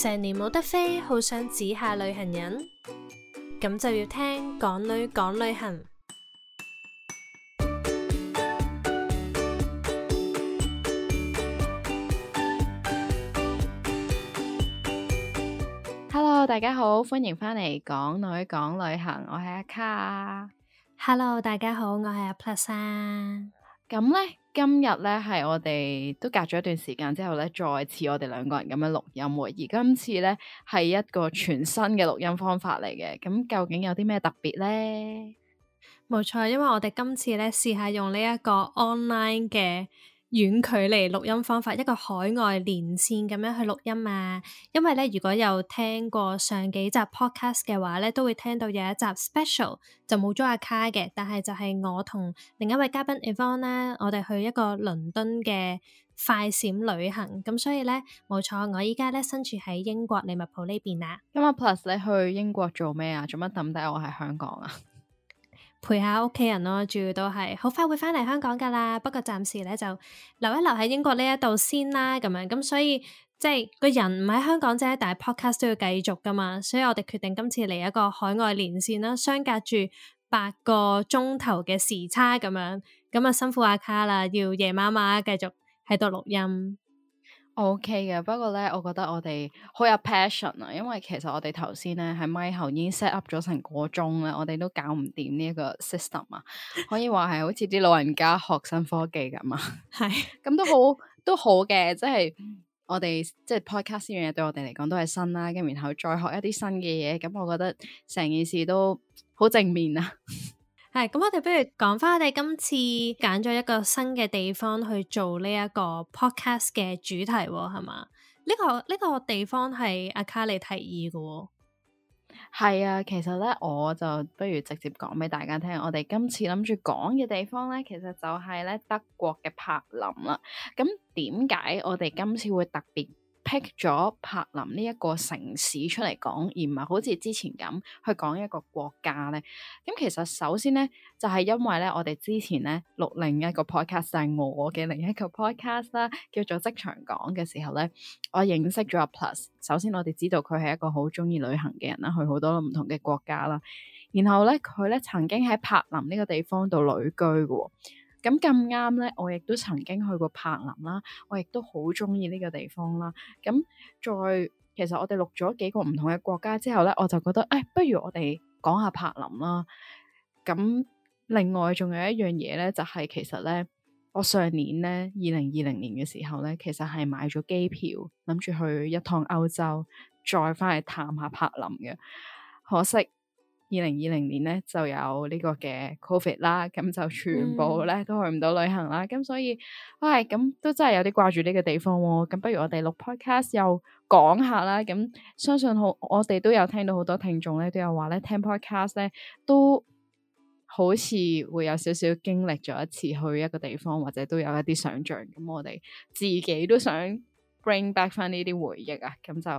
成年冇得飛，好想指下旅行人，咁就要聽港女講旅行。Hello，大家好，歡迎翻嚟港女講旅行，我係阿 Car。Hello，大家好，我係阿 Plus。咁呢，今日呢係我哋都隔咗一段時間之後呢，再次我哋兩個人咁樣錄音喎。而今次呢係一個全新嘅錄音方法嚟嘅，咁究竟有啲咩特別呢？冇錯，因為我哋今次呢試下用呢一個 online 嘅。遠距離錄音方法，一個海外連線咁樣去錄音啊！因為咧，如果有聽過上幾集 podcast 嘅話咧，都會聽到有一集 special 就冇咗阿 Car 嘅，但係就係我同另一位嘉賓 Yvonne 咧，我哋去一個倫敦嘅快閃旅行，咁所以咧冇錯，我依家咧身處喺英國利物浦呢邊啊！今日、嗯、Plus，你去英國做咩啊？做乜抌低我喺香港啊？陪下屋企人咯，主要都係好快會翻嚟香港噶啦，不過暫時咧就留一留喺英國呢一度先啦，咁樣咁所以即係個人唔喺香港啫，但係 podcast 都要繼續噶嘛，所以我哋決定今次嚟一個海外連線啦，相隔住八個鐘頭嘅時差咁樣，咁啊辛苦阿、啊、卡啦，要夜媽媽繼續喺度錄音。OK 嘅，不過咧，我覺得我哋好有 passion 啊，因為其實我哋頭先咧喺咪後已經 set up 咗成個鐘啦，我哋都搞唔掂呢一個 system 啊，可以話係好似啲老人家學新科技咁啊，係，咁都好都好嘅，即係我哋即係 podcast 呢樣嘢對我哋嚟講都係新啦，跟住然後再學一啲新嘅嘢，咁我覺得成件事都好正面啊。 係咁，我哋不如講翻我哋今次揀咗一個新嘅地方去做呢一個 podcast 嘅主題，係嘛？呢個呢個地方係阿卡利提議嘅。係啊，其實咧我就不如直接講俾大家聽，我哋今次諗住講嘅地方咧，其實就係咧德國嘅柏林啦。咁點解我哋今次會特別？Pick 咗柏林呢一個城市出嚟講，而唔係好似之前咁去講一個國家咧。咁其實首先咧，就係、是、因為咧，我哋之前咧錄另一個 podcast，就係我嘅另一個 podcast 啦，叫做職場講嘅時候咧，我認識咗阿 Plus。首先我哋知道佢係一個好鍾意旅行嘅人啦，去好多唔同嘅國家啦。然後咧，佢咧曾經喺柏林呢個地方度旅居過、哦。咁咁啱咧，我亦都曾經去過柏林啦，我亦都好鍾意呢個地方啦。咁再其實我哋錄咗幾個唔同嘅國家之後咧，我就覺得誒、哎，不如我哋講下柏林啦。咁另外仲有一樣嘢咧，就係、是、其實咧，我上年咧二零二零年嘅時候咧，其實係買咗機票，諗住去一趟歐洲，再翻嚟探下柏林嘅。可惜。二零二零年咧就有呢個嘅 COVID 啦，咁就全部咧都去唔到旅行啦，咁、嗯、所以，唉、哎，咁都真係有啲掛住呢個地方喎、哦，咁不如我哋錄 podcast 又講下啦，咁相信好，我哋都有聽到好多聽眾咧都有話咧聽 podcast 咧都好似會有少少經歷咗一次去一個地方，或者都有一啲想象，咁我哋自己都想。bring back 翻呢啲回憶啊，咁就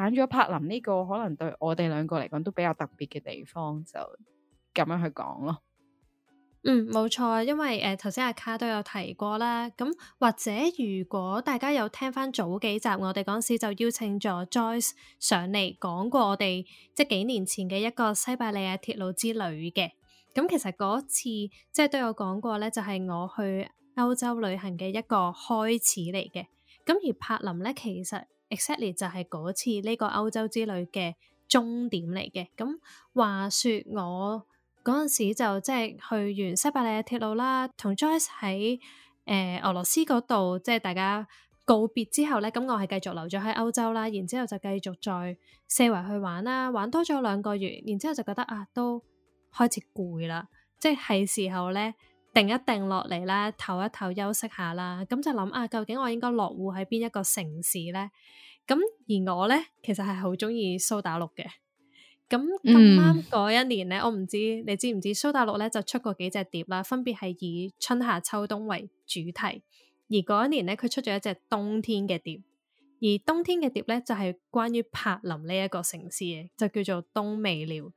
揀咗柏林呢個可能對我哋兩個嚟講都比較特別嘅地方，就咁樣去講咯。嗯，冇錯，因為誒頭先阿卡都有提過啦。咁或者如果大家有聽翻早幾集，我哋嗰陣時就邀請咗 Joyce 上嚟講過我哋即係幾年前嘅一個西伯利亞鐵路之旅嘅。咁其實嗰次即係都有講過咧，就係我去歐洲旅行嘅一個開始嚟嘅。咁而柏林咧，其實 exactly 就係嗰次呢個歐洲之旅嘅終點嚟嘅。咁話說我，我嗰陣時就即係去完西伯利亞鐵路啦，同 Joyce 喺誒、呃、俄羅斯嗰度，即係大家告別之後咧，咁我係繼續留咗喺歐洲啦，然之後就繼續再四圍去玩啦，玩多咗兩個月，然之後就覺得啊，都開始攰啦，即係時候咧。定一定落嚟啦，唞一唞休息下啦，咁就諗啊，究竟我應該落戶喺邊一個城市咧？咁而我咧，其實係好中意蘇打綠嘅。咁咁啱嗰一年咧，我唔知你知唔知蘇打綠咧就出過幾隻碟啦，分別係以春夏秋冬為主題。而嗰一年咧，佢出咗一隻冬天嘅碟，而冬天嘅碟咧就係關於柏林呢一個城市嘅，就叫做冬未了。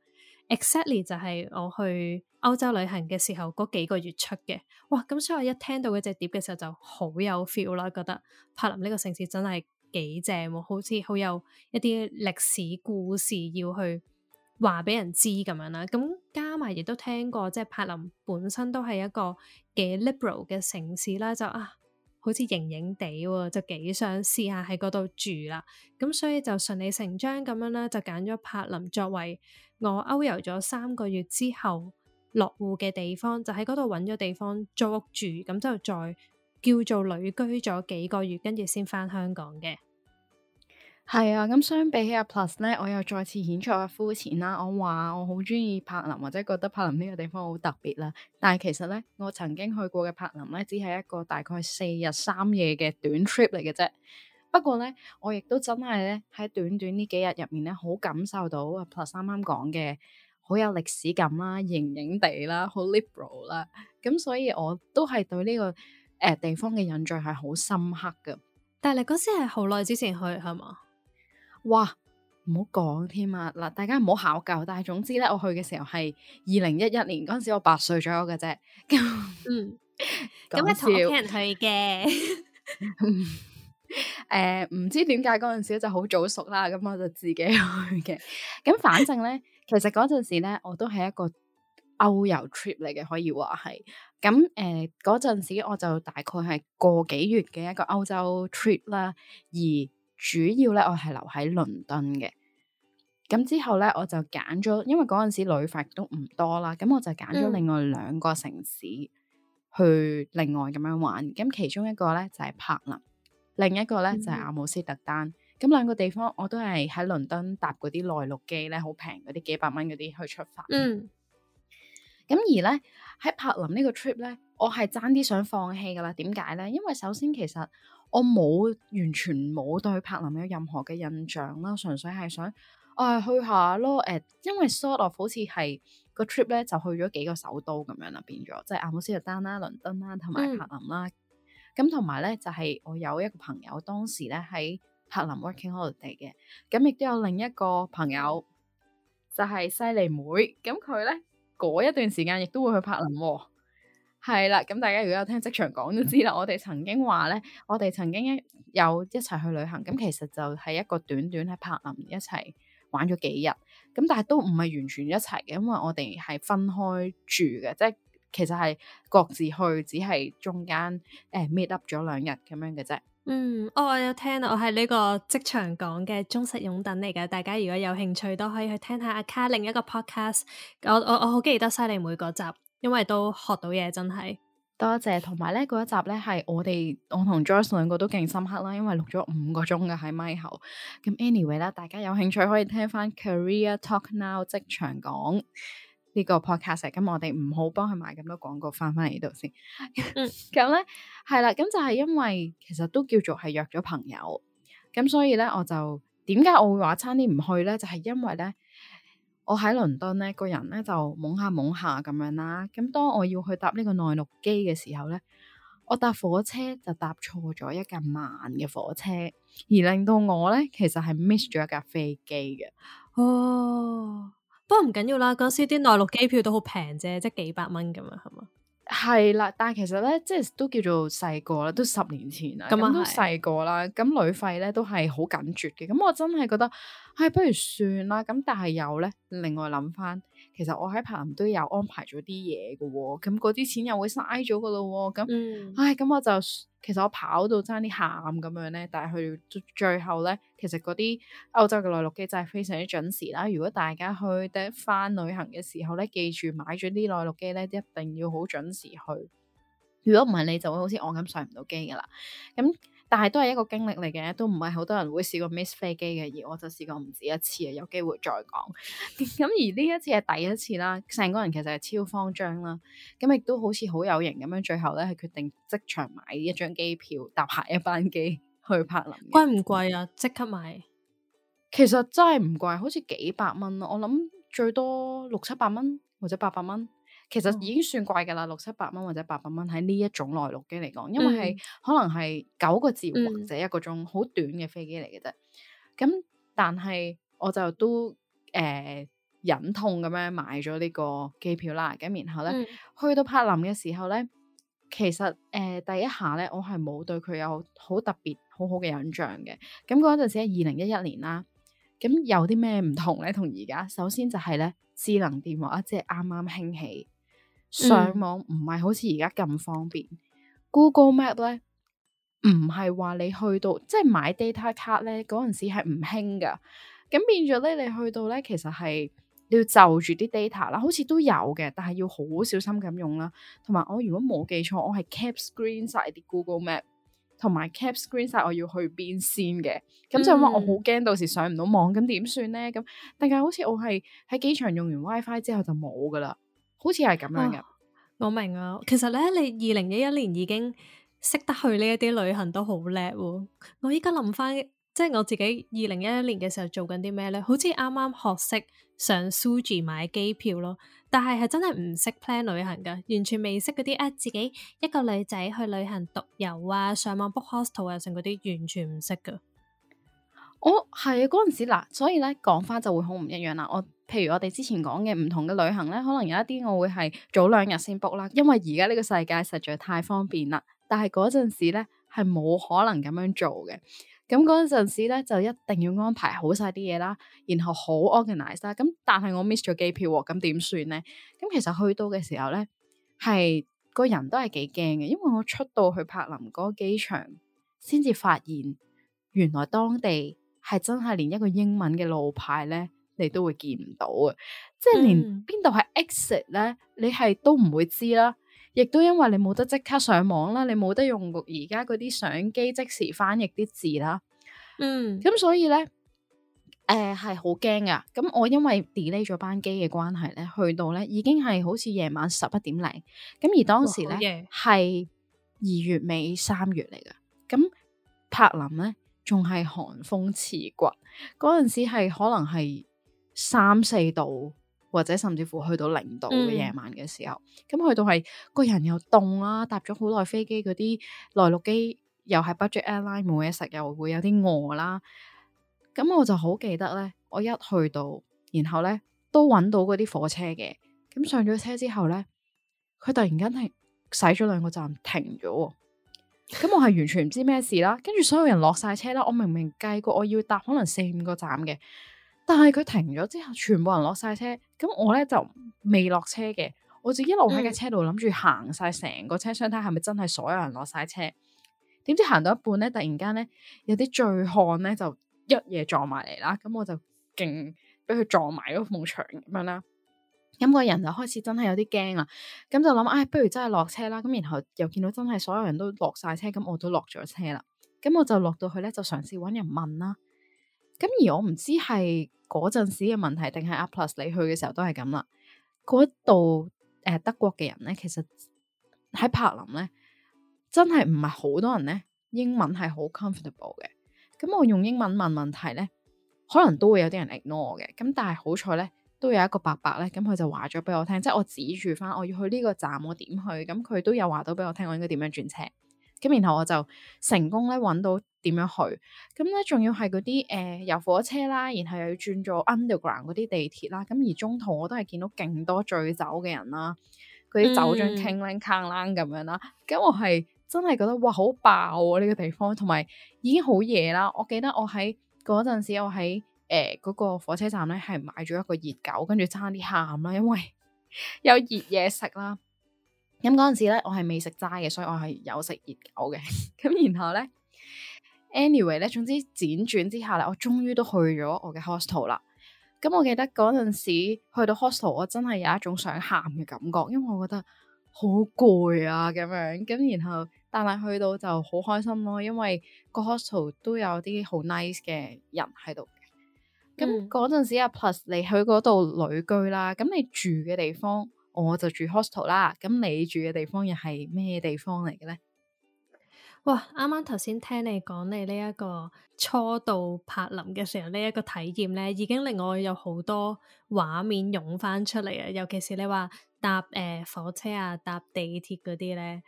Exactly 就係我去歐洲旅行嘅時候嗰幾個月出嘅。哇！咁所以我一聽到嗰隻碟嘅時候就好有 feel 啦，覺得柏林呢個城市真係幾正，好似好有一啲歷史故事要去話俾人知咁樣啦。咁加埋亦都聽過，即係柏林本身都係一個幾 liberal 嘅城市啦，就啊，好似型型地，就幾想試下喺嗰度住啦。咁所以就順理成章咁樣啦，就揀咗柏林作為。我歐遊咗三個月之後，落戶嘅地方就喺嗰度揾咗地方租屋住，咁就再叫做旅居咗幾個月，跟住先返香港嘅。係啊，咁相比起阿、啊、Plus 咧，我又再次顯出我膚淺啦。我話我好鍾意柏林或者覺得柏林呢個地方好特別啦，但係其實呢，我曾經去過嘅柏林呢，只係一個大概四日三夜嘅短 trip 嚟嘅啫。不過咧，我亦都真係咧喺短短呢幾日入面咧，好感受到阿 Plus 啱啱講嘅好有歷史感啦、型型哋啦、好 liberal 啦。咁所以我都係對呢個誒地方嘅印象係好深刻嘅。但係你嗰時係好耐之前去係嘛？哇，唔好講添啊！嗱，大家唔好考究。但係總之咧，我去嘅時候係二零一一年嗰陣時，我八歲左右嘅啫。咁嗯，咁係同屋企人去嘅。誒，唔、uh, 知點解嗰陣時就好早熟啦，咁我就自己去嘅。咁反正咧，其實嗰陣時咧，我都係一個歐遊 trip 嚟嘅，可以話係。咁誒，嗰、uh, 陣時我就大概係個幾月嘅一個歐洲 trip 啦，而主要咧，我係留喺倫敦嘅。咁之後咧，我就揀咗，因為嗰陣時旅費都唔多啦，咁我就揀咗另外兩個城市去另外咁樣玩。咁、嗯、其中一個咧就係柏林。另一個咧就係阿姆斯特丹，咁、嗯、兩個地方我都係喺倫敦搭嗰啲內陸機咧，好平，嗰啲幾百蚊嗰啲去出發。嗯。咁而咧，喺柏林呢個 trip 咧，我係爭啲想放棄噶啦。點解咧？因為首先其實我冇完全冇對柏林有任何嘅印象啦，純粹係想啊、哎、去下咯。誒，因為 sort of 好似係、個 trip 咧就去咗幾個首都咁樣啦，變咗即係阿姆斯特丹啦、倫敦啦同埋柏林啦。嗯咁同埋咧，就係我有一個朋友，當時咧喺柏林 Working Holiday 嘅，咁亦都有另一個朋友，就係犀利妹，咁佢咧嗰一段時間亦都會去柏林，係啦。咁大家如果有聽職場講都知啦，我哋曾經話咧，我哋曾經有一齊去旅行，咁其實就係一個短短喺柏林一齊玩咗幾日，咁但係都唔係完全一齊嘅，因為我哋係分開住嘅，即係。其實係各自去，只係中間誒、呃、meet up 咗兩日咁樣嘅啫。嗯、哦，我有聽，我係呢個職場講嘅忠實擁躉嚟嘅。大家如果有興趣，都可以去聽下阿 Car 另一個 podcast。我我我好記得犀利每個集，因為都學到嘢，真係多謝。同埋咧，嗰一集咧係我哋我同 Joyce 兩個都勁深刻啦，因為錄咗五個鐘嘅喺咪後。咁 anyway 啦，大家有興趣可以聽翻 Career Talk Now 職場講。呢個 podcast，咁我哋唔好幫佢買咁多廣告，翻返嚟呢度先。咁 咧、嗯，係啦，咁就係因為其實都叫做係約咗朋友，咁所以咧、就係，我就點解我會話差啲唔去咧？就係因為咧，我喺倫敦咧，個人咧就懵下懵下咁樣啦。咁當我要去搭呢個內陸機嘅時候咧，我搭火車就搭錯咗一架慢嘅火車，而令到我咧其實係 miss 咗一架飛機嘅。哦～不過唔緊要啦，嗰時啲內陸機票都好平啫，即係幾百蚊咁啊，係嘛？係啦，但係其實咧，即係都叫做細個啦，都十年前啦，咁都細個啦，咁旅費咧都係好緊絀嘅，咁我真係覺得。唉、哎，不如算啦。咁但係又咧，另外諗翻，其實我喺柏林都有安排咗啲嘢嘅。咁嗰啲錢又會嘥咗噶咯。咁唉，咁、嗯哎、我就其實我跑到差啲喊咁樣咧。但係去到最後咧，其實嗰啲歐洲嘅內陸機真係非常之準時啦。如果大家去得返旅行嘅時候咧，記住買咗啲內陸機咧，一定要好準時去。如果唔係，你就會好似我咁上唔到機噶啦。咁、嗯。但係都係一個經歷嚟嘅，都唔係好多人會試過 miss 飛機嘅，而我就試過唔止一次啊！有機會再講。咁 而呢一次係第一次啦，成個人其實係超慌張啦，咁亦都好似好有型咁樣，最後咧係決定即場買一張機票搭下一班機去柏林。貴唔貴啊？即刻買？其實真係唔貴，好似幾百蚊，我諗最多六七百蚊或者八百蚊。其實已經算貴㗎啦，六七百蚊或者八百蚊喺呢一種內陸機嚟講，因為係、嗯、可能係九個字或者一個鐘好、嗯、短嘅飛機嚟嘅啫。咁但係我就都誒、呃、忍痛咁樣買咗呢個機票啦。咁然後咧、嗯、去到柏林嘅時候咧，其實誒、呃、第一下咧我係冇對佢有好特別好好嘅印象嘅。咁嗰陣時係二零一一年啦。咁有啲咩唔同咧？同而家首先就係咧智能電話啊，即係啱啱興起。上網唔係好似而家咁方便，嗯，Google Map 咧唔係話你去到即係、就是、買 data card 咧嗰陣時係唔興嘅，咁變咗咧你去到咧其實係你要就住啲 data 啦，好似都有嘅，但係要好好小心咁用啦。同埋我如果冇記錯，我係 cap screen 晒啲 Google Map，同埋 cap screen 晒我要去邊先嘅。咁、嗯、就話我好驚到時上唔到網，咁點算咧？咁但係好似我係喺機場用完 WiFi 之後就冇噶啦。好似係咁樣嘅、哦，我明啊。其實咧，你二零一一年已經識得去呢一啲旅行都好叻喎。我依家諗翻，即係我自己二零一一年嘅時候做緊啲咩咧？好似啱啱學識上 Sugi 買機票咯，但係係真係唔識 plan 旅行噶，完全未識嗰啲啊！自己一個女仔去旅行獨遊啊，上網 book hostel 啊，剩嗰啲完全唔識噶。我係嗰陣時嗱，所以咧講翻就會好唔一樣啦。我。譬如我哋之前講嘅唔同嘅旅行咧，可能有一啲我會係早兩日先 book 啦，因為而家呢個世界實在太方便啦。但係嗰陣時咧係冇可能咁樣做嘅，咁嗰陣時咧就一定要安排好曬啲嘢啦，然後好 organize 啦。咁但係我 miss 咗機票喎，喔，咁點算咧？咁其實去到嘅時候咧，係個人都係幾驚嘅，因為我出到去柏林嗰個機場，先至發現原來當地係真係連一個英文嘅路牌咧。你都會見唔到嘅，即係連邊度係 exit 咧，你係都唔會知啦。亦都因為你冇得即刻上網啦，你冇得用而家嗰啲相機即時翻譯啲字啦。嗯，咁所以咧，誒係好驚噶。咁我因為 delay 咗班機嘅關係咧，去到咧已經係好似夜晚十一點零。咁而當時咧係二月尾三月嚟㗎，咁柏林咧仲係寒風刺骨。嗰陣時係可能係，三四度，或者甚至乎去到零度嘅夜晚嘅時候，咁、嗯、去到係個人又凍啦，搭咗好耐飛機嗰啲內陸機，又係 budget airline 冇嘢食，又會有啲餓啦。咁我就好記得咧，我一去到，然後咧都揾到嗰啲火車嘅，咁上咗車之後咧，佢突然間停，駛咗兩個站停咗，咁 我係完全唔知咩事啦。跟住所有人落晒車啦，我明明計過我要搭可能四五個站嘅。但係佢停咗之後，全部人落晒車，咁我咧就未落車嘅，我自己路喺架車度諗住行晒成個車廂睇係咪真係所有人落晒車？點知行到一半咧，突然間咧有啲醉漢咧就一夜撞埋嚟啦，咁我就勁俾佢撞埋嗰埲牆咁樣啦。咁個人就開始真係有啲驚啦，咁就諗唉，不如真係落車啦。咁然後又見到真係所有人都落晒車，咁我都落咗車啦。咁我就落到去咧，就嘗試揾人問啦。咁而我唔知係嗰陣時嘅問題，定係阿 Plus 你去嘅時候都係咁啦。嗰度誒德國嘅人咧，其實喺柏林咧，真係唔係好多人咧，英文係好 comfortable 嘅。咁我用英文問問題咧，可能都會有啲人 ignore 我嘅。咁但係好彩咧，都有一個伯伯咧，咁、嗯、佢就話咗俾我聽，即係我指住翻我要去呢個站，我點去？咁、嗯、佢都有話到俾我聽，我應該點樣轉車？咁然後我就成功咧揾到。點樣去？咁咧，仲要係嗰啲誒，由火車啦，然後又要轉咗 underground 嗰啲地鐵啦。咁而中途我都係見到勁多醉酒嘅人啦，嗰啲、嗯、酒樽傾 ling 咁樣啦。咁我係真係覺得哇，好爆啊！呢、這個地方，同埋已經好夜啦。我記得我喺嗰陣時我，我喺誒嗰個火車站咧，係買咗一個熱狗，跟住差啲喊啦，因為有熱嘢食啦。咁嗰陣時咧，我係未食齋嘅，所以我係有食熱狗嘅。咁 然後咧。Anyway 咧，總之輾轉之下咧，我終於都去咗我嘅 hostel 啦。咁我記得嗰陣時去到 hostel，我真係有一種想喊嘅感覺，因為我覺得好攰啊咁樣。咁然後，但係去到就好開心咯，因為個 hostel 都有啲好 nice 嘅人喺度。咁嗰陣時啊，嗯，Plus 你去嗰度旅居啦，咁你住嘅地方，我就住 hostel 啦。咁你住嘅地方又係咩地方嚟嘅咧？哇！啱啱頭先聽你講你呢一個初到柏林嘅時候呢一、呢個體驗咧，已經令我有好多畫面湧翻出嚟啊！尤其是你話搭誒、呃、火車啊、搭地鐵嗰啲咧。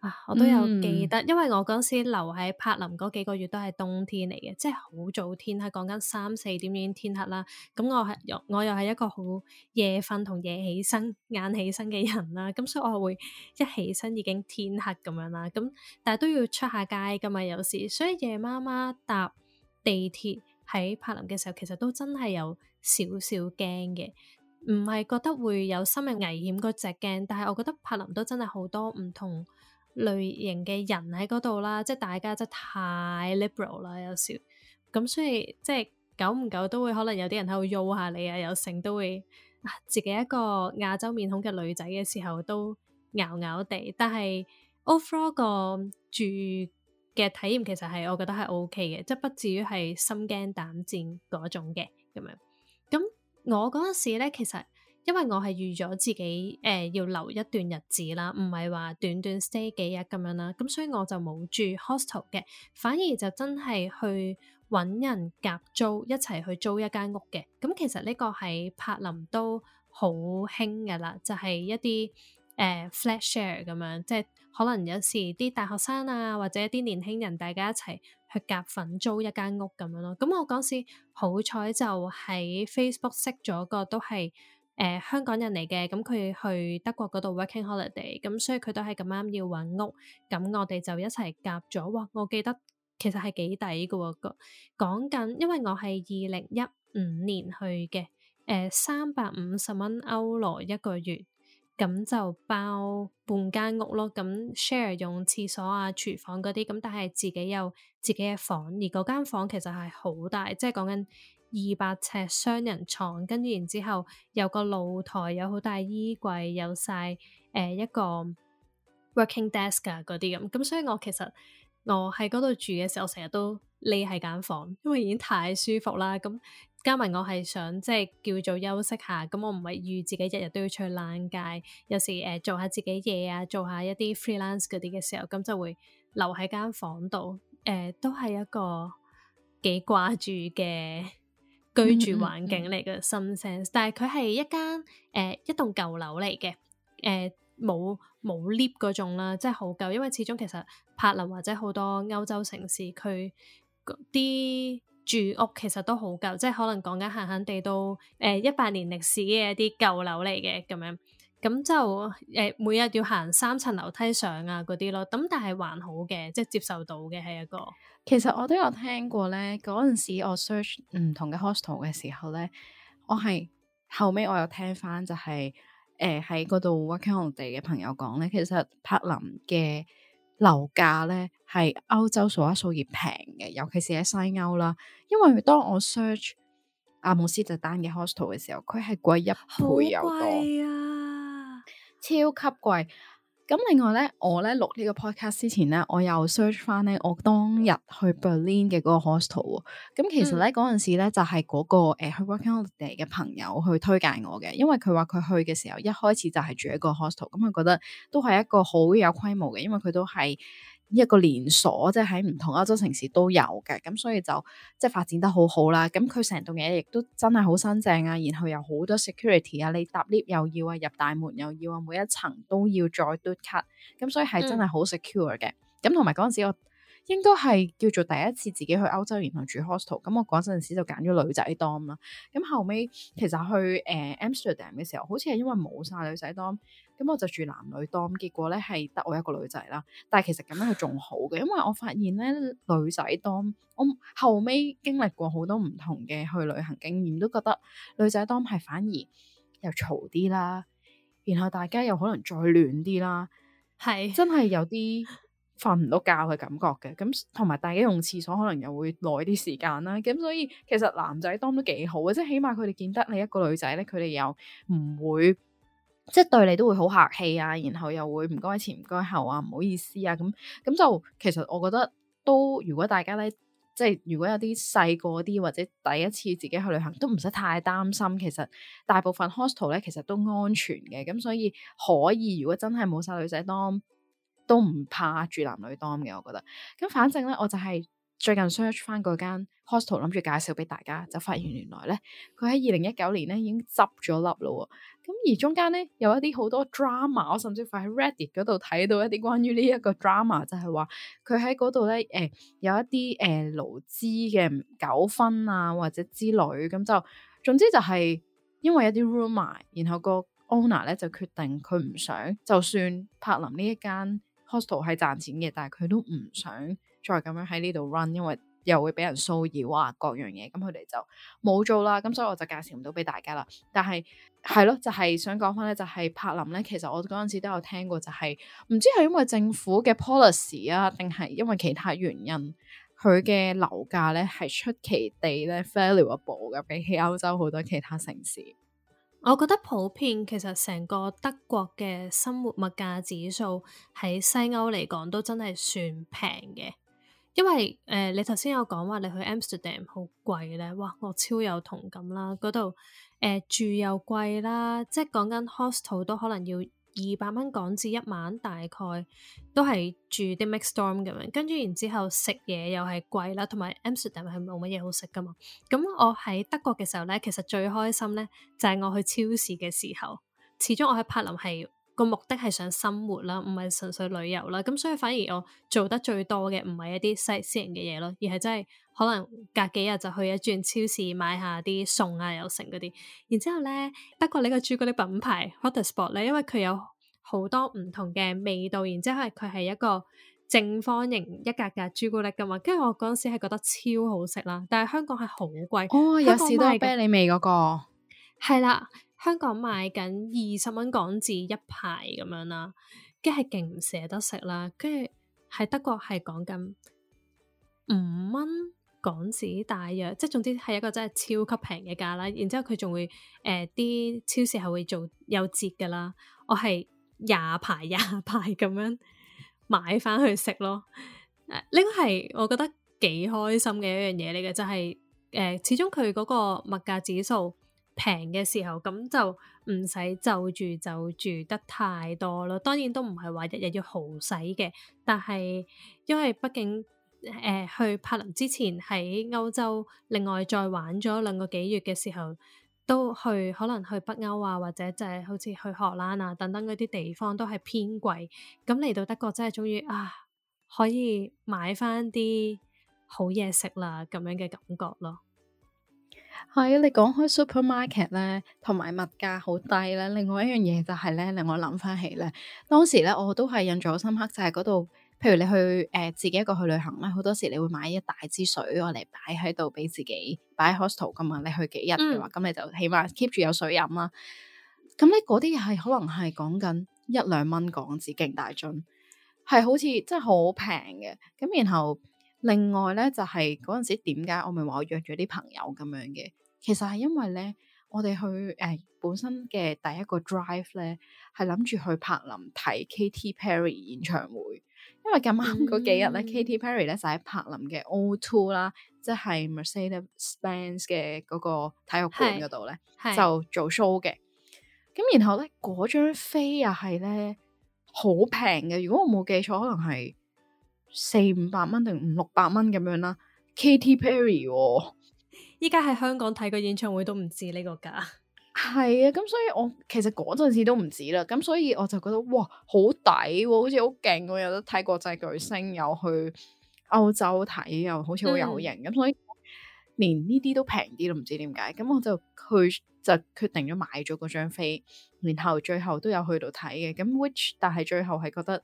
啊！我都有記得，嗯、因為我嗰時留喺柏林嗰幾個月都係冬天嚟嘅，即係好早天黑，講緊三四點已經天黑啦。咁我係又，我又係一個好夜瞓同夜起身、眼起身嘅人啦。咁所以我會一起身已經天黑咁樣啦。咁但係都要出下街㗎嘛，有時所以夜媽媽搭地鐵喺柏林嘅時候，其實都真係有少少驚嘅，唔係覺得會有生命危險嗰隻驚。但係我覺得柏林都真係好多唔同類型嘅人喺嗰度啦，即係大家真係太 liberal 啦，有時咁所以即係久唔久都會可能有啲人喺度喐下你啊，有成都會啊自己一個亞洲面孔嘅女仔嘅時候都咬咬地，但係 overall 個住嘅體驗其實係我覺得係 OK 嘅，即係不至於係心驚膽戰嗰種嘅咁樣。咁我嗰陣時咧，其實。因為我係預咗自己誒、呃、要留一段日子啦，唔係話短短 stay 幾日咁樣啦，咁、嗯、所以我就冇住 hostel 嘅，反而就真係去揾人夾租一齊去租一間屋嘅。咁、嗯、其實呢個喺柏林都好興㗎啦，就係、是、一啲誒、呃、flat share 咁樣，即係可能有時啲大學生啊或者一啲年輕人大家一齊去夾份租一間屋咁樣咯。咁、嗯、我嗰時好彩就喺 Facebook 識咗個都係。誒、呃、香港人嚟嘅，咁、嗯、佢去德國嗰度 working holiday，咁、嗯、所以佢都係咁啱要揾屋，咁、嗯、我哋就一齊夾咗。哇！我記得其實係幾抵嘅喎，講、嗯、緊因為我係二零一五年去嘅，誒三百五十蚊歐羅一個月，咁、嗯、就包半間屋咯，咁、嗯、share 用廁所啊、廚房嗰啲，咁、嗯、但係自己有自己嘅房，而嗰間房其實係好大，即係講緊。二百尺雙人床，跟住然之後有個露台，有好大衣櫃，有晒誒一個 working desk 嗰啲，咁咁，所以我其實我喺嗰度住嘅時候，成日都匿喺間房，因為已經太舒服啦。咁加埋我係想即係叫做休息下，咁我唔係預自己日日都要出去冷街，有時誒、呃、做下自己嘢啊，做下一啲 freelance 嗰啲嘅時候，咁就會留喺間房度，誒、呃、都係一個幾掛住嘅。居住環境嚟嘅新 sense，但係佢係一間誒、呃、一棟舊樓嚟嘅，誒冇冇 lift 嗰種啦，即係好舊。因為始終其實柏林或者好多歐洲城市，佢啲住屋其實都好舊，即係可能講緊閒閒地都誒、呃、一百年歷史嘅一啲舊樓嚟嘅咁樣，咁就誒、呃、每日要行三層樓梯上啊嗰啲咯。咁但係還好嘅，即係接受到嘅係一個。其實我都有聽過咧，嗰陣時我 search 唔同嘅 hostel 嘅時候咧，我係後尾我有聽翻就係、是，誒喺嗰度 working holiday 嘅朋友講咧，其實柏林嘅樓價咧係歐洲數一數二平嘅，尤其是喺西歐啦。因為當我 search 阿姆斯特丹嘅 hostel 嘅時候，佢係貴一倍有多，好貴啊，超級貴。咁另外咧，我咧錄呢個 podcast 之前咧，我又 search 翻咧我當日去 Berlin 嘅嗰個 hostel 咁、哦、其實咧嗰陣時咧就係、係、嗰、嗰個誒、呃、去 working holiday 嘅朋友去推介我嘅，因為佢話佢去嘅時候一開始就係住一個 hostel，咁、嗯、佢覺得都係一個好有規模嘅，因為佢都係。一個連鎖即係喺唔同歐洲城市都有嘅，咁所以就即係發展得好好啦。咁佢成棟嘢亦都真係好新淨啊，然後有好多 security 啊，你搭 lift 又要啊，入大門又要啊，每一層都要再嘟卡，咁所以係真係好 secure 嘅。咁同埋嗰陣時我。應該係叫做第一次自己去歐洲，然後住 hostel。咁我嗰陣時就揀咗女仔 dorm 啦。咁後尾其實去誒、呃、Amsterdam 嘅時候，好似係因為冇晒女仔 dorm，咁我就住男女 dorm，結果咧係得我一個女仔啦。但係其實咁樣係仲好嘅，因為我發現咧女仔 dorm，我後尾經歷過好多唔同嘅去旅行經驗，都覺得女仔 dorm 係反而又嘈啲啦，然後大家又可能再亂啲啦，係是真係有啲。瞓唔到覺嘅感覺嘅，咁同埋大家用廁所可能又會耐啲時間啦，咁所以其實男仔 dorm 都幾好嘅，即係起碼佢哋見得你一個女仔咧，佢哋又唔會即係對你都會好客氣啊，然後又會唔該前唔該後啊，唔好意思啊，咁咁就其實我覺得都如果大家咧，即係如果有啲細個啲或者第一次自己去旅行，都唔使太擔心，其實大部分 hostel 咧其實都安全嘅，咁所以可以，如果真係冇晒女仔 dorm。都唔怕住男女 dorm 嘅，我覺得。咁反正咧，我就係最近 search 翻嗰間 hostel，諗住介紹俾大家，就發現原來咧，佢喺二零一九年咧已經執咗笠咯喎。咁而中間咧有一啲好多 drama，我甚至乎喺 Reddit 嗰度睇到一啲關於呢一個 drama，就係話佢喺嗰度咧，誒、呃、有一啲誒勞資嘅糾紛啊或者之類，咁就總之就係因為一啲 rumour，然後個 owner 咧就決定佢唔想，就算柏林呢一間。hostel 係賺錢嘅，但係佢都唔想再咁樣喺呢度 run，因為又會俾人騷擾啊各樣嘢，咁佢哋就冇做啦。咁所以我就介紹唔到俾大家啦。但係係咯，就係、是、想講翻咧，就係柏林咧。其實我嗰陣時都有聽過、就是，就係唔知係因為政府嘅 policy 啊，定係因為其他原因，佢嘅樓價咧係出奇地咧 valuable 嘅，比起歐洲好多其他城市。我覺得普遍其實成個德國嘅生活物價指數喺西歐嚟講都真係算平嘅，因為誒、呃、你頭先有講話你去 Amsterdam 好貴咧，哇！我超有同感啦，嗰度誒住又貴啦，即係講緊 hostel 都可能要二百蚊港紙一晚，大概都係住啲 mixed dorm 咁樣，跟住然之後食嘢又係貴啦，同埋 Amsterdam 係冇乜嘢好食㗎嘛。咁我喺德國嘅時候咧，其實最開心咧就係我去超市嘅時候，始終我喺柏林係個目的係想生活啦，唔係純粹旅遊啦。咁所以反而我做得最多嘅唔係一啲 sightseeing 嘅嘢咯，而係真係。可能隔幾日就去一轉超市買下啲餸啊，又成嗰啲。然之後咧，德國呢個朱古力品牌 Hotspot 咧，Hot Spot，因為佢有好多唔同嘅味道，然之後係佢係一個正方形一格嘅朱古力噶嘛。跟住我嗰陣時係覺得超好食啦，但係香港係好貴。哦，有時都係。啤梨味嗰個係啦，香港賣緊二十蚊港紙一排咁樣啦，跟住係勁唔捨得食啦。跟住喺德國係講緊五蚊。港紙大約，即係總之係一個真係超級平嘅價啦。然之後佢仲會誒啲、呃、超市係會做有折㗎啦。我係廿排廿排咁樣買翻去食咯。呢個係我覺得幾開心嘅一樣嘢嚟嘅，就係、是、誒、呃、始終佢嗰個物價指數平嘅時候，咁就唔使就住就住得太多咯。當然都唔係話日日要豪使嘅，但係因為畢竟。誒、呃，去柏林之前喺歐洲，另外再玩咗兩個幾月嘅時候，都去可能去北歐啊，或者就係好似去荷蘭啊等等嗰啲地方，都係偏貴。咁嚟到德國真係終於啊，可以買翻啲好嘢食啦，咁樣嘅感覺咯。係啊，你講開 supermarket 咧，同埋物價好低咧。另外一樣嘢就係、是、咧，令我諗翻起咧，當時咧我都係印象好深刻，就係嗰度。譬如你去誒、呃、自己一個去旅行咧，好多時你會買一大支水，我嚟擺喺度俾自己擺 hostel 噶嘛。你去幾日嘅話，咁、嗯、你就起碼 keep 住有水飲啦。咁咧嗰啲係可能係講緊一兩蚊港紙勁大樽，係好似真係好平嘅。咁然後另外咧就係嗰陣時點解我咪話我約咗啲朋友咁樣嘅？其實係因為咧，我哋去誒、呃、本身嘅第一個 drive 咧係諗住去柏林睇 Katy Perry 演唱會。因為咁啱嗰幾日咧，Katy Perry 咧就喺柏林嘅 O2 啦，即係 Mercedes-Benz 嘅嗰個體育館嗰度咧，是就做 show 嘅。咁的然後咧，嗰張飛又係咧好平嘅，如果我冇記錯，可能係四五百蚊定五六百蚊咁樣啦。Katy Perry，依家喺香港睇個演唱會都唔止呢個價。係啊，咁所以我其實嗰陣時都唔止啦，咁所以我就覺得哇，好抵喎，好似好勁喎，有得睇國際巨星，有去歐洲睇，又好似好有型，咁、嗯、所以連呢啲都平啲，都唔知點解，咁我就去就決定咗買咗嗰張飛，然後最後都有去到睇嘅，咁 which 但係最後係覺得誒。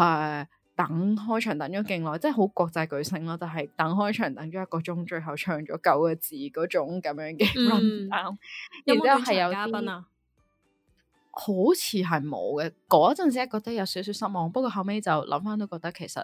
啊等開場等咗勁耐，即係好國際巨星咯，就係等開場等咗一個鐘，最後唱咗九個字嗰種咁樣嘅、嗯。然之後係有嘉賓啊？嗯、好似係冇嘅。嗰陣時覺得有少少失望，嗯、不過後尾就諗翻都覺得其實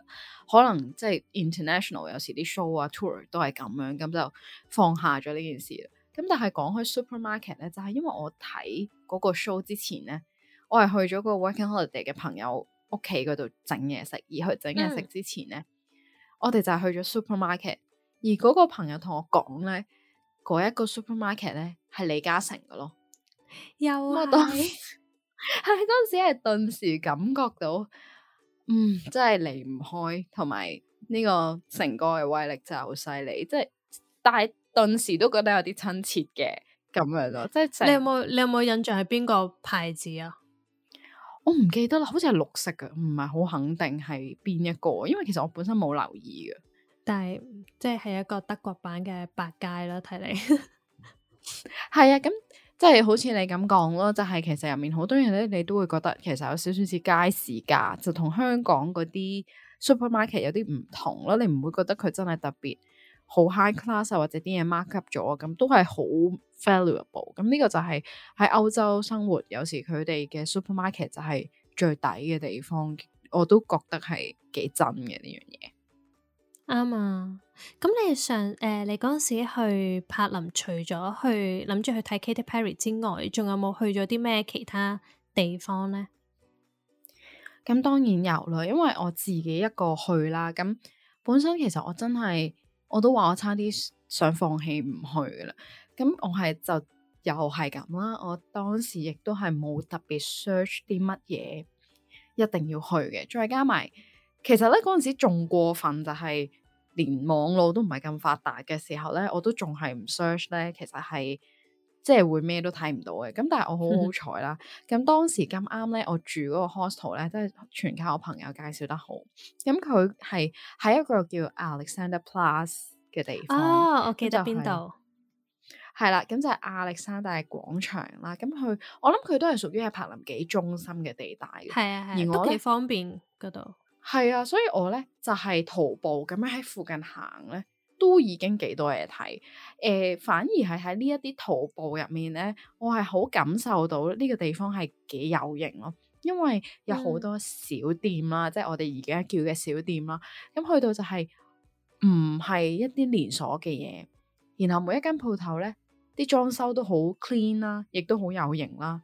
可能即係 international 有時啲 show 啊 tour 都係咁樣，咁就放下咗呢件事。咁但係講開 supermarket 咧，就係、是、因為我睇嗰個 show 之前咧，我係去咗個 working holiday 嘅朋友。屋企嗰度整嘢食，而去整嘢食之前咧，嗯、我哋就去咗 supermarket。而嗰個朋友同我講咧，嗰一個 supermarket 咧係李嘉誠嘅咯，又係是。嗰陣時係頓 時，時感覺到，嗯，真係離唔開，同埋呢個誠哥嘅威力真係好犀利。即係，但係頓時都覺得有啲親切嘅咁樣咯。即係你有冇？你有冇印象係邊個牌子啊？我唔記得啦，好似係綠色嘅，唔係好肯定係邊一個，因為其實我本身冇留意嘅。但係即係係一個德國版嘅百佳啦，睇嚟。係 啊，咁即係好似你咁講咯，就係、是、其實入面好多嘢咧，你都會覺得其實有少少似街市㗎，就同香港嗰啲 supermarket 有啲唔同咯。你唔會覺得佢真係特別。好 high class 或者啲嘢 mark up 咗，咁都係好 valuable。咁呢個就係喺歐洲生活，有時佢哋嘅 supermarket 就係最抵嘅地方，我都覺得係幾真嘅呢樣嘢。啱啊、嗯！咁你上誒、呃，你嗰陣時去柏林，除咗去諗住去睇 Katy Perry 之外，仲有冇去咗啲咩其他地方咧？咁當然有啦，因為我自己一個去啦。咁本身其實我真係～我都話我差啲想放棄唔去嘅啦，咁我係就又係咁啦。我當時亦都係冇特別 search 啲乜嘢一定要去嘅，再加埋其實咧，嗰陣時仲過分就係連網絡都唔係咁發達嘅時候咧，我都仲係唔 search 咧，其實係。即係會咩都睇唔到嘅，咁但係我好好彩啦。咁、嗯、當時咁啱咧，我住嗰個 hostel 咧，都係全靠我朋友介紹得好。咁佢係喺一個叫 Alexanderplatz 嘅地方。哦，我記得邊度，係啦、就是，咁就係亞歷山大廣場啦。咁佢，我諗佢都係屬於喺柏林幾中心嘅地帶嘅。係啊係，而我幾方便嗰度。係啊，所以我咧就係、是、徒步咁樣喺附近行咧。都已經幾多嘢睇誒，反而係喺呢一啲徒步入面咧，我係好感受到呢個地方係幾有型咯。因為有好多小店啦、啊，嗯、即係我哋而家叫嘅小店啦、啊。咁去到就係唔係一啲連鎖嘅嘢，然後每一間鋪頭咧，啲裝修都好 clean 啦、啊，亦都好有型啦、啊。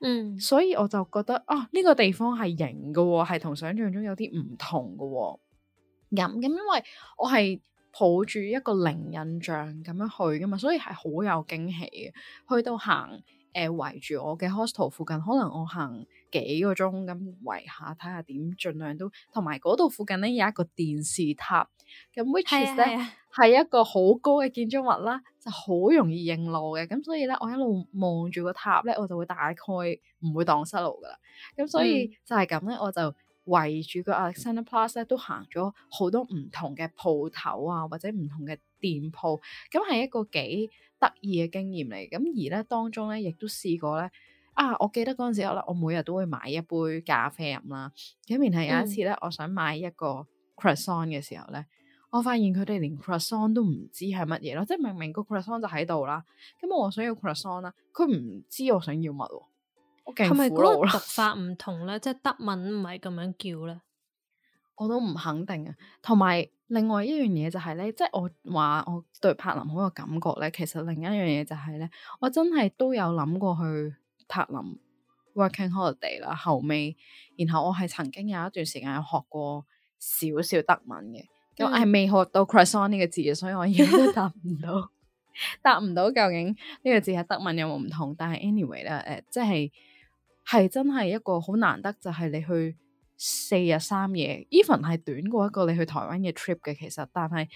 嗯，所以我就覺得啊，呢、這個地方係型嘅喎、啊，係同想象中有啲唔同嘅喎、啊。咁、嗯、咁，因為我係。抱住一個零印象咁樣去噶嘛，所以係好有驚喜嘅。去到行誒、呃、圍住我嘅 hostel 附近，可能我行幾個鐘咁、嗯、圍下，睇下點，盡量都同埋嗰度附近咧有一個電視塔，咁 which is 咧係、啊、一個好高嘅建築物啦，就好容易認路嘅。咁所以咧，我一路望住個塔咧，我就會大概唔會蕩失路噶啦。咁所以就係咁咧，嗯、我就。圍住個 Alexanderplatz 咧，都行咗好多唔同嘅鋪頭啊，或者唔同嘅店鋪，咁係一個幾得意嘅經驗嚟。咁而咧當中咧，亦都試過咧，啊，我記得嗰陣時咧，我每日都會買一杯咖啡飲啦。竟然係有一次咧，我想買一個 croissant 嘅時候咧，嗯、我發現佢哋連 croissant 都唔知係乜嘢咯，即係明明個 croissant 就喺度啦，咁我想要 croissant 啦，佢唔知我想要乜喎。係咪嗰個讀法唔同咧？ 即係德文唔係咁樣叫咧？我都唔肯定啊。同埋另外一樣嘢就係、是、咧，即係我話我對柏林好有感覺咧，其實另一樣嘢就係、是、咧，我真係都有諗過去柏林 Working Holiday 啦。後尾然後我係曾經有一段時間有學過少少德文嘅，咁、嗯、我係未學到 cresson 呢個字，所以我而家答唔到， 答唔到究竟呢個字係德文有冇唔同？但係 anyway 咧，誒、呃，即係。係真係一個好難得，就係你去四日三夜，even 係短過一個你去台灣嘅 trip 嘅。其實，但係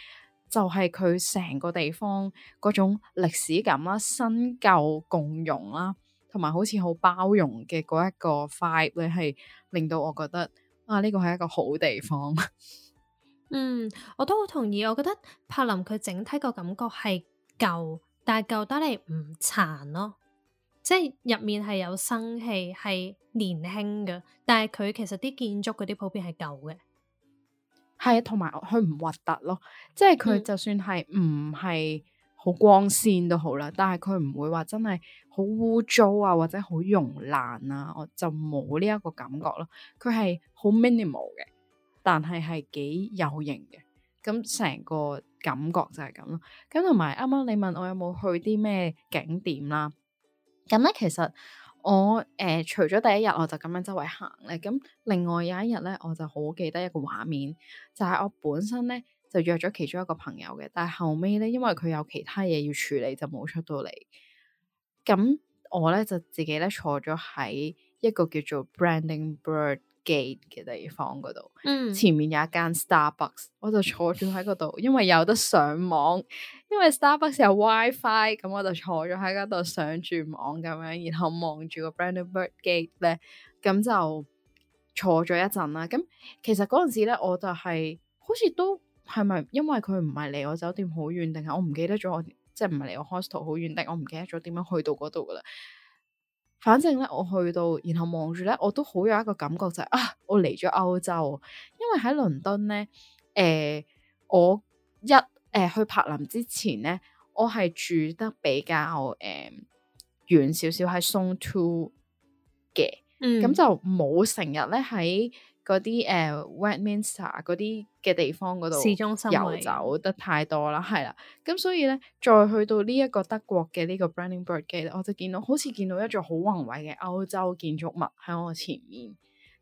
就係佢成個地方嗰種歷史感啦、新舊共融啦，同埋好似好包容嘅嗰一個 vibe，你係令到我覺得啊，呢個係一個好地方。 嗯，我都好同意。我覺得柏林佢整體個感覺係舊，但係舊得嚟唔殘咯。即係入面係有生氣，係年輕嘅，但係佢其實啲建築嗰啲普遍係舊嘅，係啊，同埋佢唔核突咯，即係佢就算係唔係好光鮮都好啦，但係佢唔會話真係好污糟啊，或者好容爛啊，我就冇呢一個感覺咯。佢係好 minimal 嘅，但係係幾有型嘅，咁成個感覺就係咁咯。咁同埋啱啱你問我有冇去啲咩景點啦？咁咧，其實我誒、呃、除咗第一日我就咁樣周圍行咧，咁另外有一日咧，我就好記得一個畫面，就係、是、我本身咧就約咗其中一個朋友嘅，但係後尾咧因為佢有其他嘢要處理就冇出到嚟。咁我咧就自己咧坐咗喺一個叫做 Branding Bird。嘅地方嗰度，嗯、前面有一間 Starbucks，我就坐住喺嗰度，因為有得上網，因為 Starbucks 有 WiFi，咁我就坐咗喺嗰度上住網咁樣，然後望住個 Brandenburg Gate 咧，咁就坐咗一陣啦。咁其實嗰陣時咧，我就係、是、好似都係咪因為佢唔係離我酒店好遠，定係我唔記得咗我即係唔係離我 hostel 好遠，定我唔記得咗點樣去到嗰度噶啦？反正咧，我去到，然後望住咧，我都好有一個感覺就係、是、啊，我嚟咗歐洲，因為喺倫敦咧，誒、呃，我一誒、呃、去柏林之前咧，我係住得比較誒遠少少，喺、呃、Zone Two 嘅，咁、嗯、就冇成日咧喺嗰啲誒 Westminster 嗰啲嘅地方，嗰度市中心遊走得太多啦，係啦，咁所以咧，再去到呢一個德國嘅呢個 Brandenburg Gate，我就見到好似見到一座好宏偉嘅歐洲建築物喺我前面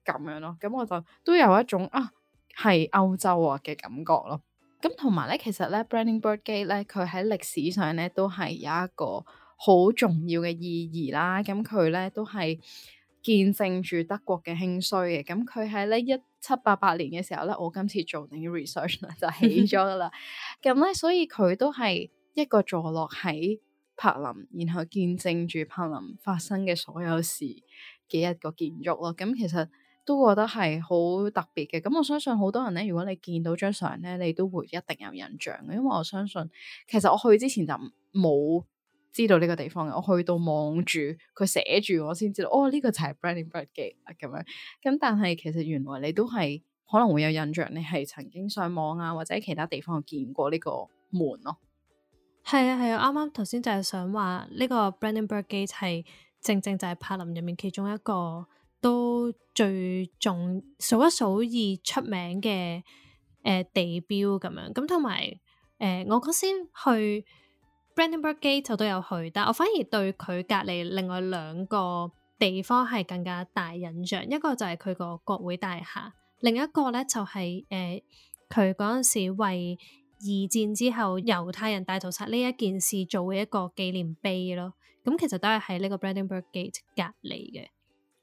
咁樣咯，咁我就都有一種啊，係歐洲啊嘅感覺咯。咁同埋咧，其實咧 Brandenburg Gate 咧，佢喺歷史上咧都係有一個好重要嘅意義啦。咁佢咧都係。見證住德國嘅興衰嘅，咁佢喺咧一七八八年嘅時候咧，我今次做定啲 research 就起咗噶啦。咁咧， 所以佢都係一個坐落喺柏林，然後見證住柏林發生嘅所有事嘅一個建築咯。咁其實都覺得係好特別嘅。咁我相信好多人咧，如果你見到張相咧，你都會一定有印象嘅，因為我相信其實我去之前就冇。知道呢個地方嘅，我去到望住佢寫住，寫我先知道哦，呢、這個就係 Brandenburg Gate 啊咁樣。咁但係其實原來你都係可能會有印象，你係曾經上網啊或者其他地方見過呢個門咯。係啊係啊，啱啱頭先就係想話呢、這個 Brandenburg Gate 係正正就係柏林入面其中一個都最重數一數二出名嘅誒、呃、地標咁樣。咁同埋誒我嗰先去。Brandenburg Gate 就都有去，但我反而對佢隔籬另外兩個地方係更加大印象，一個就係佢個國會大廈，另一個咧就係誒佢嗰陣時為二戰之後猶太人大屠殺呢一件事做嘅一個紀念碑咯。咁其實都係喺呢個 Brandenburg Gate 隔籬嘅。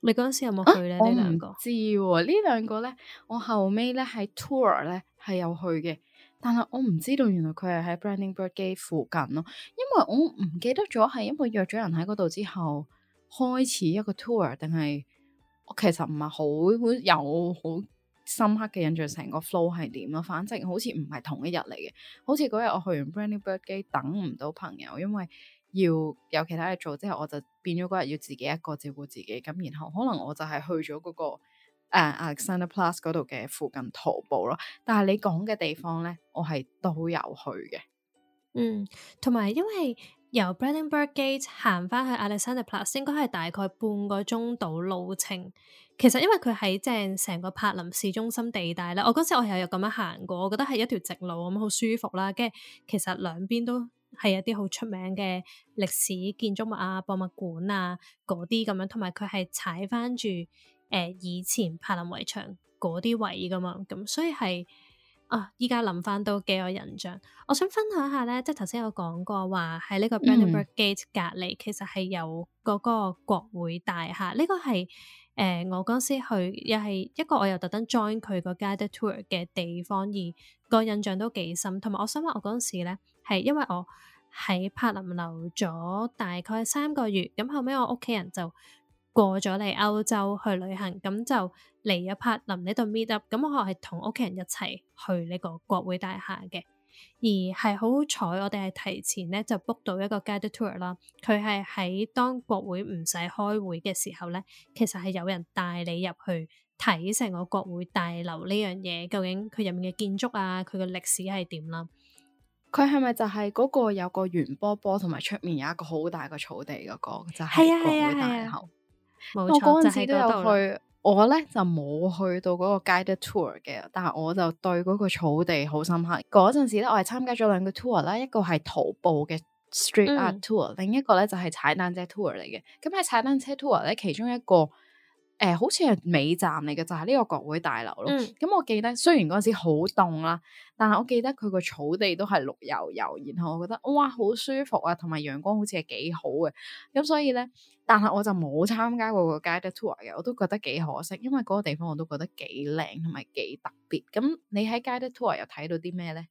你嗰陣時有冇去咧？呢、啊啊、兩個？唔知呢兩個咧，我後尾咧喺 tour 咧係有去嘅。但係我唔知道原來佢係喺 Brandenburg Gate 附近咯，因為我唔記得咗係因為約咗人喺嗰度之後開始一個 tour 定係我其實唔係好有好深刻嘅印象，成個 flow 係點咯？反正好似唔係同一日嚟嘅，好似嗰日我去完 Brandenburg Gate 等唔到朋友，因為要有其他嘢做之後，我就變咗嗰日要自己一個照顧自己咁，然後可能我就係去咗嗰個。誒 Alexanderplatz 嗰度嘅附近徒步咯，但係你講嘅地方咧，我係都有去嘅。嗯，同埋因為由 Brandenburg Gate 行翻去 Alexanderplatz 應該係大概半個鐘到路程。其實因為佢喺正成個柏林市中心地帶咧，我嗰時我又有咁樣行過，我覺得係一條直路咁好舒服啦。跟住其實兩邊都係一啲好出名嘅歷史建築物啊、博物館啊嗰啲咁樣，同埋佢係踩翻住。誒以前柏林圍牆嗰啲位噶嘛，咁所以係啊，依家諗翻都幾有印象。我想分享下咧，即係頭先有講過話喺呢個 Brandenburg Gate 隔離，嗯、其實係有嗰個國會大廈。呢、呢個係誒、呃、我嗰時去，又係一個我又特登 join 佢個 guided tour 嘅地方，而個印象都幾深。同埋我想話，我嗰陣時咧係因為我喺柏林留咗大概三個月，咁後尾我屋企人就。過咗嚟歐洲去旅行，咁就嚟咗柏林呢度 meet up，咁我係同屋企人一齊去呢個國會大廈嘅，而係好彩我哋係提前咧就 book 到一個 guided tour 啦，佢係喺當國會唔使開會嘅時候咧，其實係有人帶你入去睇成個國會大樓呢樣嘢，究竟佢入面嘅建築啊，佢嘅歷史係點啦？佢係咪就係嗰個有個圓波波，同埋出面有一個好大嘅草地嗰個，就係國會大樓？我嗰陣時都有去，我咧就冇去到嗰個 guided tour 嘅，但係我就對嗰個草地好深刻。嗰陣時咧，我係參加咗兩個 tour 啦，一個係徒步嘅 street art tour、嗯、另一個咧就係、是、踩單車 tour 嚟嘅。咁喺踩單車 tour 咧，其中一個。誒、呃，好似係尾站嚟嘅，就係、是、呢個國會大樓咯。咁、嗯、我記得，雖然嗰陣時好凍啦，但係我記得佢個草地都係綠油油，然後我覺得哇，好舒服啊，同埋陽光好似係幾好嘅。咁所以咧，但係我就冇參加過 guided tour 嘅，我都覺得幾可惜，因為嗰個地方我都覺得幾靚同埋幾特別。咁你喺 guided tour 又睇到啲咩咧？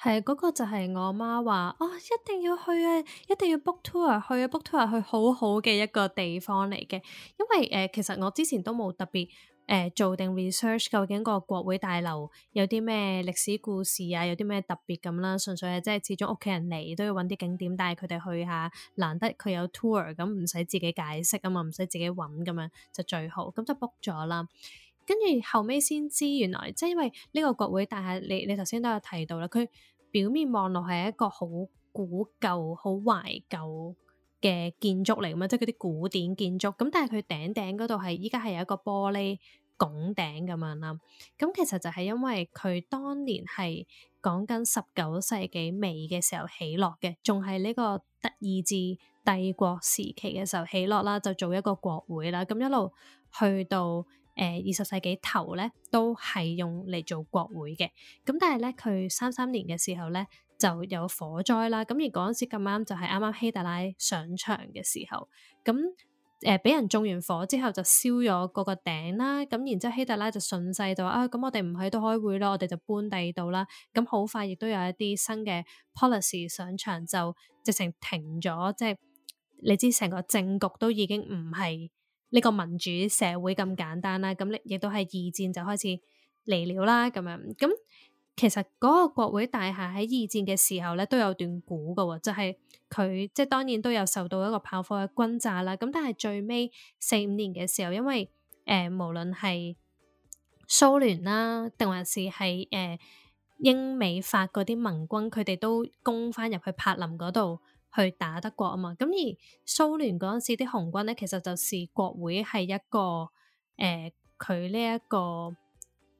係嗰、嗰個就係我媽話，哦，一定要去啊，一定要 book tour 去啊，book tour 去好好嘅一個地方嚟嘅。因為誒、呃，其實我之前都冇特別誒、呃、做定 research，究竟個國會大樓有啲咩歷史故事啊，有啲咩特別咁啦。純粹係即係始終屋企人嚟都要揾啲景點帶佢哋去下，難得佢有 tour 咁，唔使自己解釋啊嘛，唔使自己揾咁樣就最好。咁就 book 咗啦。跟住後尾先知，原來即係因為呢個國會。但係你你頭先都有提到啦，佢表面望落係一個好古舊、好懷舊嘅建築嚟㗎嘛，即係嗰啲古典建築。咁但係佢頂頂嗰度係依家係有一個玻璃拱頂咁樣啦。咁其實就係因為佢當年係講緊十九世紀尾嘅時候起落嘅，仲係呢個德意志帝國時期嘅時候起落啦，就做一個國會啦。咁一路去到，誒二十世紀頭咧，都係用嚟做國會嘅。咁但係咧，佢三三年嘅時候咧，就有火災啦。咁而陣時咁啱，就係啱啱希特拉上場嘅時候。咁誒，俾、呃、人種完火之後就燒咗嗰個頂啦。咁然之後，希特拉就順勢就話啊，咁我哋唔喺度開會啦，我哋就搬第二度啦。咁好快亦都有一啲新嘅 policy 上場就，就直情停咗。即係你知，成個政局都已經唔係。呢個民主社會咁簡單啦，咁亦都係二戰就開始嚟了啦，咁樣咁其實嗰個國會大廈喺二戰嘅時候咧都有段古嘅喎，就係、是、佢即係當然都有受到一個炮火嘅轟炸啦，咁但係最尾四五年嘅時候，因為誒、呃、無論係蘇聯啦，定還是係誒、呃、英美法嗰啲盟軍，佢哋都攻翻入去柏林嗰度。去打德國啊嘛，咁而蘇聯嗰陣時啲紅軍咧，其實就是國會係一個誒佢呢一個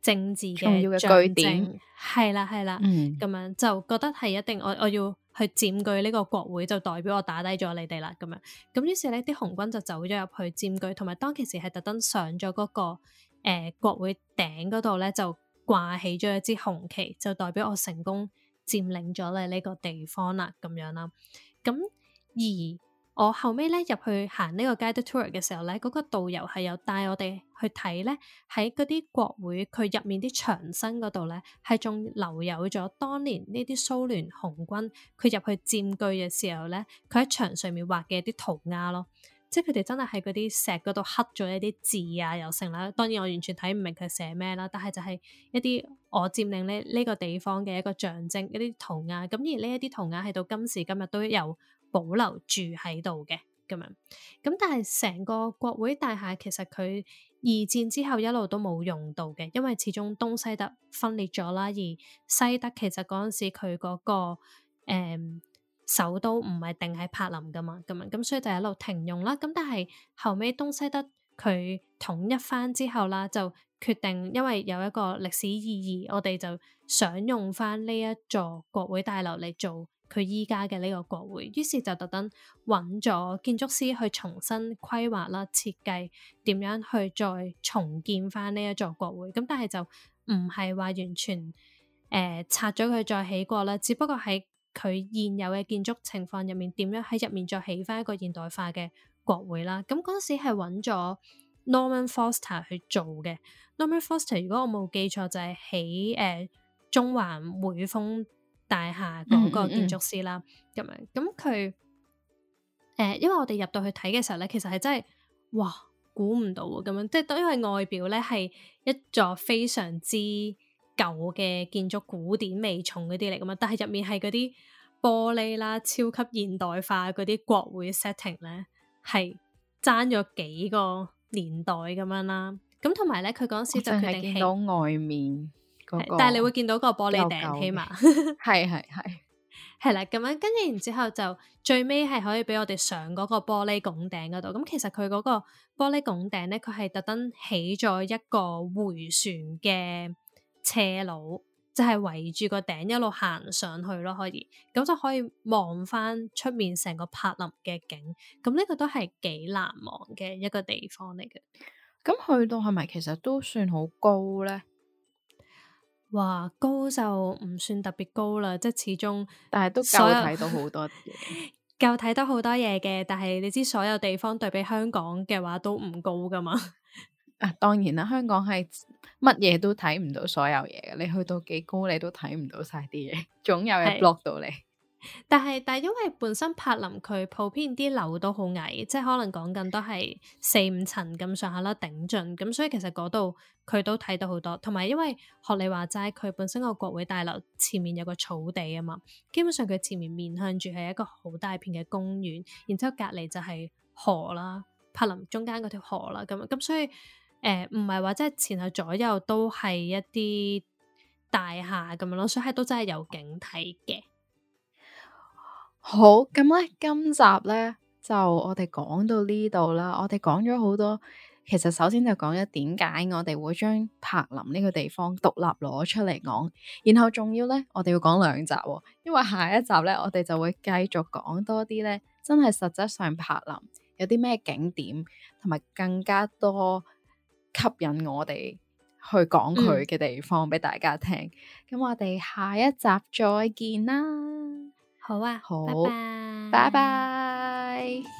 政治嘅據點，係啦係啦，嗯，咁樣就覺得係一定我我要去佔據呢個國會，就代表我打低咗你哋啦，咁樣咁於是咧啲紅軍就走咗入去佔據，同埋當其時係特登上咗嗰、那個誒、呃、國會頂嗰度咧，就掛起咗一支紅旗，就代表我成功佔領咗咧呢個地方啦，咁樣啦。咁而我後尾咧入去行呢個 guided tour 嘅時候咧，嗰、嗰個導遊係有帶我哋去睇咧喺嗰啲國會佢入面啲牆身嗰度咧，係仲留有咗當年呢啲蘇聯紅軍佢入去佔據嘅時候咧，佢喺牆上面畫嘅啲塗鴉咯。即係佢哋真係喺嗰啲石嗰度刻咗一啲字啊，又剩啦。當然我完全睇唔明佢寫咩啦，但係就係一啲我佔領咧呢個地方嘅一個象徵，一啲圖案啊。咁而呢一啲圖案係到今時今日都有保留住喺度嘅咁樣。咁但係成個國會大廈其實佢二戰之後一路都冇用到嘅，因為始終東西德分裂咗啦。而西德其實嗰陣時佢嗰、嗰個、嗯首都唔係定喺柏林噶嘛，咁啊，咁所以就一路停用啦。咁但係後尾東西德佢統一翻之後啦，就決定因為有一個歷史意義，我哋就想用翻呢一座國會大樓嚟做佢依家嘅呢個國會。於是就特登揾咗建築師去重新規劃啦，設計點樣去再重建翻呢一座國會。咁但係就唔係話完全誒、呃、拆咗佢再起過啦，只不過係。佢現有嘅建築情況入面，點樣喺入面再起翻一個現代化嘅國會啦？咁嗰陣時係揾咗 Norman Foster 去做嘅。Norman Foster，如果我冇記錯，就係起誒中環匯豐大廈嗰個建築師啦。咁、嗯嗯嗯、樣咁佢誒，因為我哋入到去睇嘅時候咧，其實係真係哇，估唔到咁樣，即係因為外表咧係一座非常之～舊嘅建築古典味重嗰啲嚟嘅嘛。但係入面係嗰啲玻璃啦，超級現代化嗰啲國會 setting 咧，係爭咗幾個年代咁樣啦。咁同埋咧，佢嗰時就決定到外面、那個，但係你會見到個玻璃頂，起碼係係係係啦。咁 樣跟住然之後就最尾係可以俾我哋上嗰個玻璃拱頂嗰度。咁其實佢嗰個玻璃拱頂咧，佢係特登起咗一個回旋嘅。斜路就係圍住個頂一路行上去咯，可以。咁就可以望翻出面成個柏林嘅景，咁呢個都係幾難忘嘅一個地方嚟嘅。咁去到係咪其實都算好高咧？哇，高就唔算特別高啦，即係始終， 但係都夠睇到好多嘢，夠睇到好多嘢嘅。但係你知所有地方對比香港嘅話，都唔高噶嘛。啊，當然啦，香港係乜嘢都睇唔到，所有嘢嘅，你去到幾高，你都睇唔到晒啲嘢，總有一 b 到你。但係但係因為本身柏林佢普遍啲樓都好矮，即係可能講緊都係四五層咁上下啦，頂盡咁，所以其實嗰度佢都睇到好多。同埋因為學你話齋，佢本身個國會大樓前面有個草地啊嘛，基本上佢前面面向住係一個好大片嘅公園，然之後隔離就係河啦，柏林中間嗰條河啦，咁咁所以。誒，唔係話即係前後左右都係一啲大廈咁樣咯，所以都真係有景睇嘅。好，咁咧今集咧就我哋講到呢度啦，我哋講咗好多。其實首先就講一點解我哋會將柏林呢個地方獨立攞出嚟講，然後仲要咧我哋要講兩集喎，因為下一集咧我哋就會繼續講多啲咧，真係實質上柏林有啲咩景點，同埋更加多吸引我哋去講佢嘅地方畀大家聽，咁、嗯、我哋下一集再見啦！好啊，好，拜拜，拜拜。